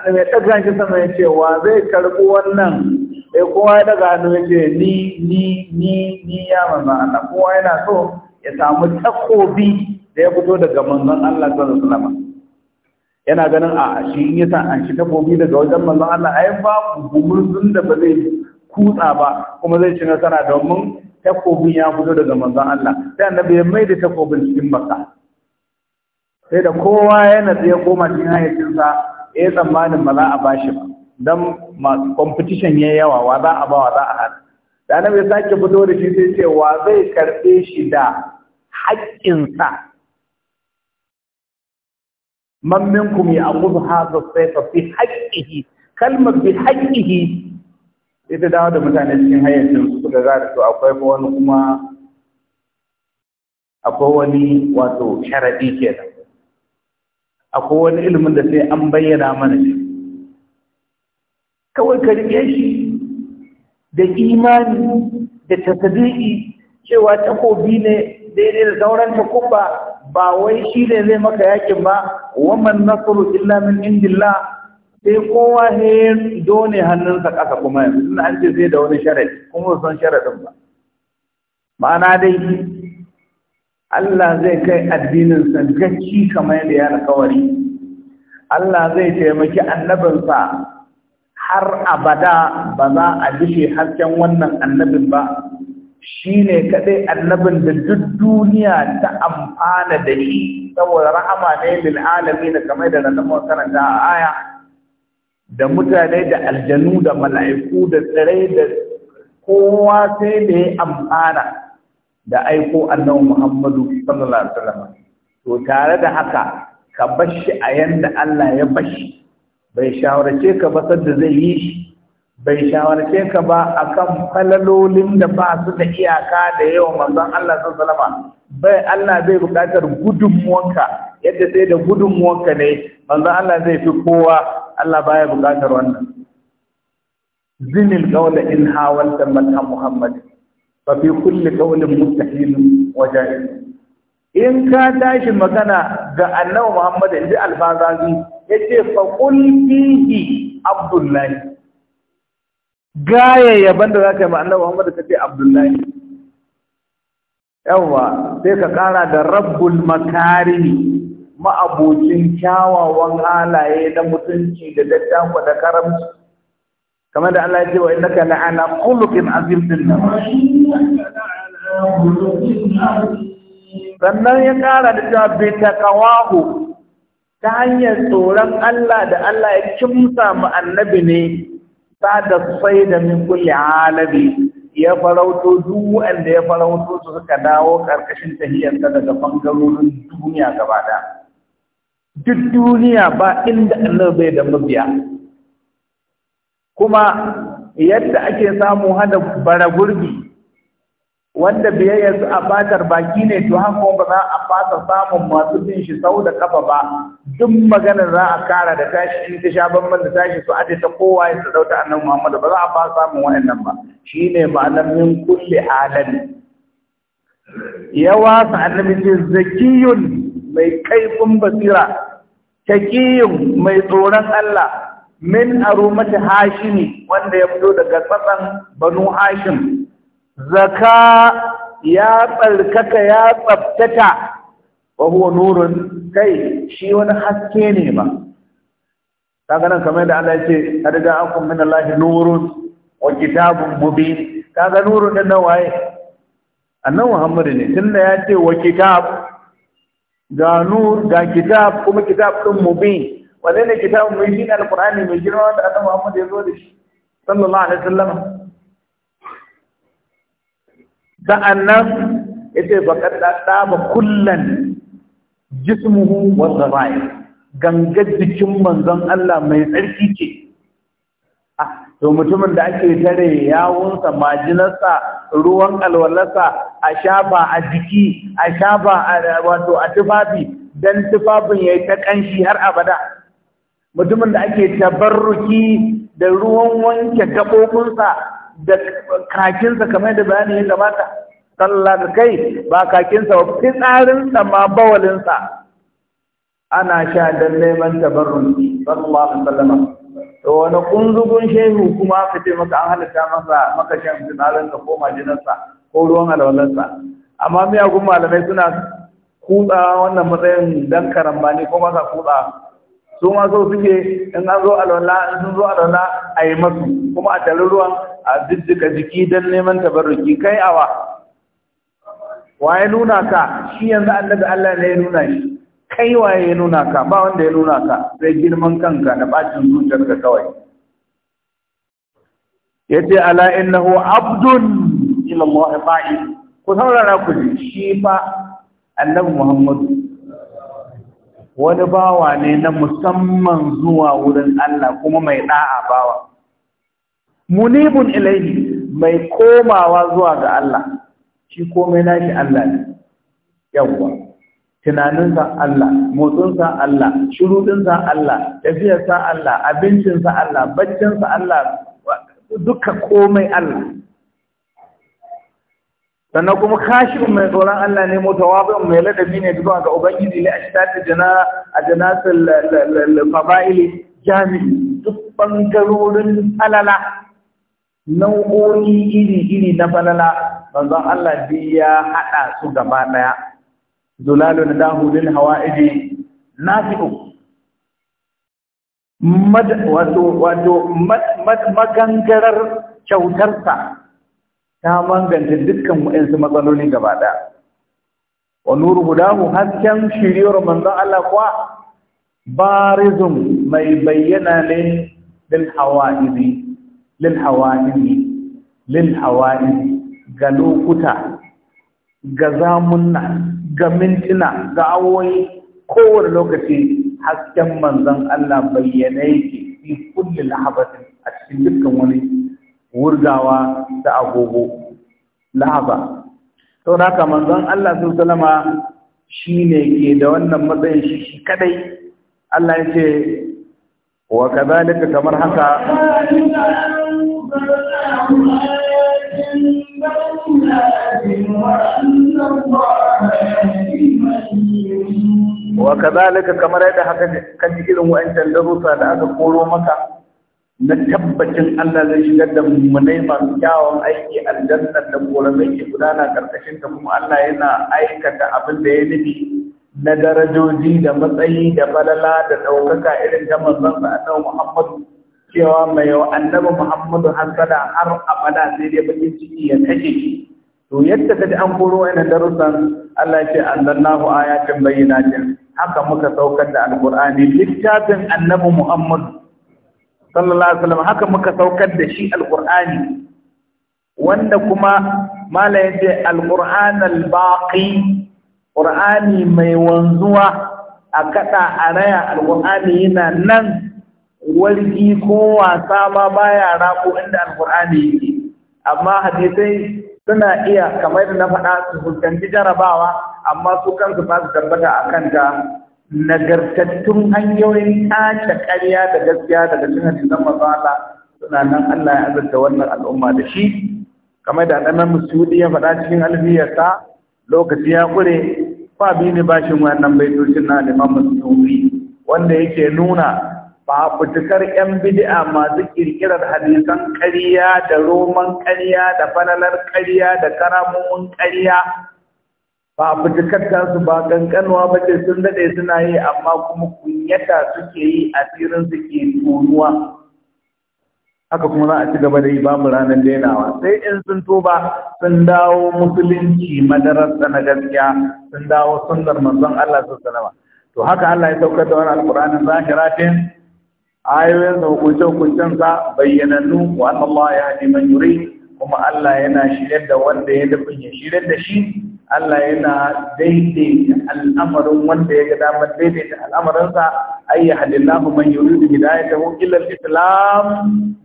annabi ya ɗaga shi sama ya ce wa zai karɓi wannan sai kowa ya daga hannu ya ce ni ni ni ni ya manzon Allah kowa yana so ya samu takobi da ya fito daga manzon Allah sallallahu alaihi wasallam yana ganin a shi in yasa an shi takobi daga wajen manzon Allah ai ba gumurzun da ba zai kutsa ba kuma zai ci nasara domin takobin ya fito daga manzon Allah sai annabi ya mai da takobin cikin masa sai da kowa ya natsi ya koma cikin hayyacinsa ya yi tsammanin ba za a bashi ba don competition ya yawa wa za a ba wa za a hada da annabi ya sake fito da shi sai ce wa zai karɓe shi da haƙƙinsa man minkum ya'khudhu hadha as-sayfa fi haqqihi kalmar bi haqqihi ita dawo da mutane cikin hayyacin su da za su akwai wani kuma akwai wani wato sharadi kenan akwai wani ilimin da sai an bayyana mana shi kawai ka riƙe shi da imani da tasdiqi cewa takobi ne daidai da sauran takuba ba wai shi ne zai maka yakin ba waman nasru illa min indillah sai kowa ne dole hannunsa ƙasa kuma yanzu an ce sai da wani sharadi kuma san sharadin ba ma'ana dai Allah zai kai addinin sa gacci kamar yadda ya alƙawari Allah zai taimaki annabinsa har abada ba za a dishe hasken wannan annabin ba shi ne kaɗai annabin da duk duniya ta amfana da shi saboda rahama ne lil alami da kamar da na muka karanta a aya da mutane da aljanu da mala'iku da tsirrai da kowa sai da ya amfana da aiko annabi Muhammadu sallallahu alaihi wasallam to tare da haka ka bashi a yanda Allah ya bashi bai shawarce ka ba da zai yi shi bai shawarce ka ba a kan falalolin da ba su da iyaka da yawan manzon Allah salama bai Allah zai buƙatar gudunmuwanka yadda sai da gudunmuwanka ne manzon Allah zai fi kowa Allah baya buƙatar wannan zinil gaula in hawan man Muhammad fa fi kulli qawlin mustahil wa jahil in ka tashi magana ga Annabi Muhammad inji albazazi yace fa qul fihi Abdullahi gaya yaban da za ka yi ma'anar Muhammad ka ce Abdullahi. Yawwa sai ka ƙara da rabbul makari ma'abocin kyawawan halaye na mutunci da dattawa da karamci. Kamar da Allah ya ce wa inna ka la'ana khuluqin azim din nan. Sannan ya ƙara da cewa bi taqawahu ta hanyar tsoron Allah da Allah ya kimsa mu annabi ne sada da min kulli alabi ya farauto duk wanda ya farauto su suka dawo karkashin ta daga bangarorin duniya gaba da duk duniya ba inda Allah bai da mabiya kuma yadda ake samu hada bara gurbi wanda biyayyarsu a fatar baki ne to hanko ba za a fasa samun masu bin shi sau da kafa ba duk maganar za a kara da tashi in ta sha banban da tashi su aje ta kowa ya su dauta annabi Muhammad ba za a fasa samun wa'annan ba shine ma'anar min kulli alami yawa sa annabi ce zakiyun mai kaifin basira takiyun mai tsoron Allah min arumati hashimi wanda ya fito daga tsatsan banu hashim zaka ya tsarkaka ya tsabtata wa huwa nurun kai shi wani haske ne ba kaga nan kamar da Allah ya ce kad ja'akum min Allah nurun wa kitabun mubin kaga nurun din nan waye annan Muhammad ne tunda ya ce wa kitab ga nur ga kitab kuma kitab din mubi wannan ne kitabun mubin alqur'ani mai girma da annabi Muhammad ya zo da shi sallallahu alaihi wasallam sa'annan yace faqad ba kullan jismuhu wa sarai Ganga jikin manzon Allah mai tsarki ce a ah, to mutumin da ake tare yawunsa majinarsa ruwan alwalarsa a shafa a jiki a shafa a wato a tufafi don tufafin ya yi ta ƙanshi har abada mutumin da ake tabarruki da ruwan wanke gaɓoɓinsa da kakinsa kamar da bayani ya gabata sallah da kai ba kakinsa ba fitsarinsa ma bawalinsa ana sha don neman tabarruki sallallahu alaihi wasallam to wani kunzugun shehu kuma aka ce maka an halitta masa maka shan fitsarinsa ko majinarsa ko ruwan alwalarsa amma miyagun malamai suna kutsa wannan matsayin dan karambani ko masa kutsa su ma so suke in an zo alwala in sun zo alwala a yi masu kuma a tare ruwan a jijjika jiki don neman tabarruki kai awa waye nuna ka shi yanzu annabi Allah ne ya nuna shi kai waye ya nuna ka ba wanda ya nuna ka sai girman kanka da bacin ka kawai yace ala innahu abdun ila Allah fa'i ku saurara ku shi fa annabi Muhammadu wani bawa ne na musamman zuwa wurin Allah kuma mai da'a bawa munibun ilaihi mai komawa zuwa ga Allah shi komai nashi Allah ne yawwa tunaninsa Allah motsinsa Allah shirudinsa Allah tafiyarsa Allah abincinsa Allah baccinsa Allah duka komai Allah sannan kuma kashin mai tsoron Allah ne mutawabin mai ladabi ne zuwa ga ubangiji ne a shitata jana a janatul faba'ili jami'i duk bangarorin alala nau'o'i iri-iri na falala manzon Allah bi ya haɗa su gaba ɗaya zulalun dahu lil hawa'idi nafi'u mad wato wato mad magangarar kyautarsa ta manganta dukkan waɗansu matsaloli gaba ɗaya wa nuru hudahu hasken shiriyar manzon Allah kuwa barizum mai bayyana ne bil hawa'idi lil hawadin ga lokuta ga zamunna ga mintuna ga awoyi kowane lokaci hasken manzon Allah bayyana yake fi kulli lahabatin a cikin dukkan wani wurgawa da agogo lahaba da haka manzon Allah sallallahu alaihi shi ne ke da wannan matsayin shi shi kadai Allah ya ce wa ka kamar haka wa kazalika kamar yadda haka kaji irin wa'ancan darussa da aka koro maka na tabbacin Allah zai shigar da mummunai masu kyawun aiki aljanna da koramai ke gudana karkashin ta kuma Allah yana aikata abin da ya nufi na darajoji da matsayi da falala da ɗaukaka irin ta manzon sa annabi Muhammadu cewa mai annabi Muhammadu hasada har abada sai dai bakin ciki ya kashe shi to yadda kaji an koro ina darussan Allah ya ce anzalnahu ayatin bayyinatin haka muka saukar da alqur'ani littafin annabi Muhammadu sallallahu alaihi wasallam haka muka saukar da shi alqur'ani wanda kuma mala yace alqur'an albaqi qur'ani mai wanzuwa a kada a raya alqur'ani yana nan walgi ko wasa ma baya rako inda alqur'ani yake amma hadisai suna iya kamar da na faɗa su fuskanci jarabawa amma su kansu ba su tabbata a kanta nagartattun hanyoyin tace ƙarya da gaskiya daga cikin hadisan manzo Allah suna nan Allah ya azurta wannan al'umma da shi kamar da annabi Musudi ya faɗa cikin alfiyarsa lokaci ya ƙure ba bi ne bashin wannan baitocin na Imam Musudi wanda yake nuna Ba fitukar 'yan bid'a masu ƙirƙirar hadisan ƙarya da roman ƙarya da falalar ƙarya da karamomin ƙarya fafutukar ta su ba ganganwa ba ce sun daɗe suna yi amma kuma kunyata suke yi asirin ke tonuwa haka kuma za a ci gaba da yi babu ranar dainawa sai in sun tuba sun dawo musulunci da na gaskiya sun dawo sunnar manzon Allah sallallahu alaihi wasallam to haka Allah ya saukar da wannan alqur'anin zahiratin ayoyin da hukuncen sa bayyanannu wa Allah ya hadi man kuma Allah yana shirin da wanda ya dafin ya shiryar da shi Allah yana daidaita al'amarin wanda ya ga damar daidaita al'amarinsa ay yahdillahu man yuridu hidayatahu ila al-islam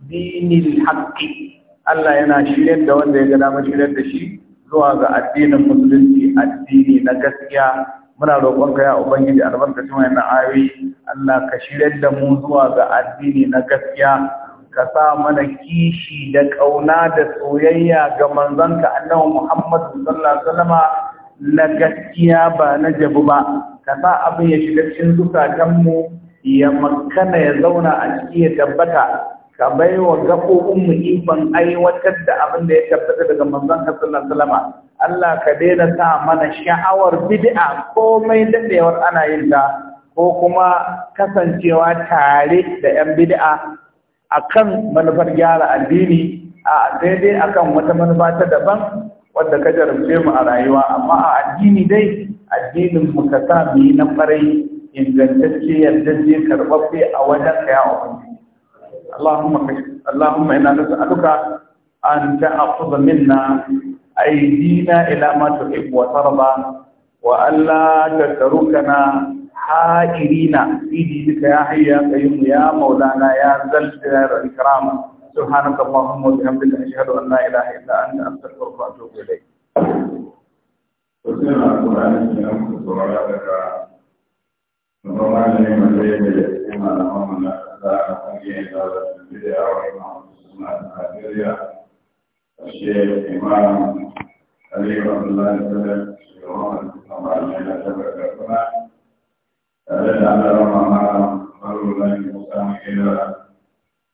dinil haqqi Allah yana shirin da wanda ya ga damar shirin da shi zuwa ga addinin musulunci addini na gaskiya muna roƙonka ya ubangiji albarkacin wayannan ayoyi Allah ka shirya da mu zuwa ga addini na gaskiya ka sa mana kishi da ƙauna da soyayya ga manzanka annabi Muhammad sallallahu alaihi wasallam na gaskiya ba na jabu ba ka sa abin ya shiga cikin mu ya makana ya zauna a ciki ya tabbata ka bai wa mu ikon aiwatar da abin da ya tabbata daga Manzanka sallallahu alaihi wasallam Allah ka daina sa mana sha'awar bid'a komai dadewar ana yin ta ko kuma kasancewa tare da yan bid'a akan manufar gyara addini a daidai akan wata manufa ta daban wadda ka jarumce mu a rayuwa amma a addini dai addinin mu ka sa mu yi na farai ingantacce yardacce karɓaɓɓe a wajen ka ya Allahumma Allahumma ina aluka an ta'khudha minna أيدينا إلى ما تحب وترضى وألا تتركنا حائرين في دينك يا حي يا قيوم يا مولانا يا ذا الجلال سبحانك اللهم وبحمدك أشهد أن لا إله إلا أنت أستغفرك وأتوب إليك. Thank you. Ashe Imam Ali Abdullahi Sadek, Shirawan Al-Fatihah, Al-Fatihah, Al-Fatihah, Al-Fatihah, Al-Fatihah, Al-Fatihah, Al-Fatihah, Al-Fatihah, Al-Fatihah, Al-Fatihah, Al-Fatihah, Al-Fatihah, Al-Fatihah, al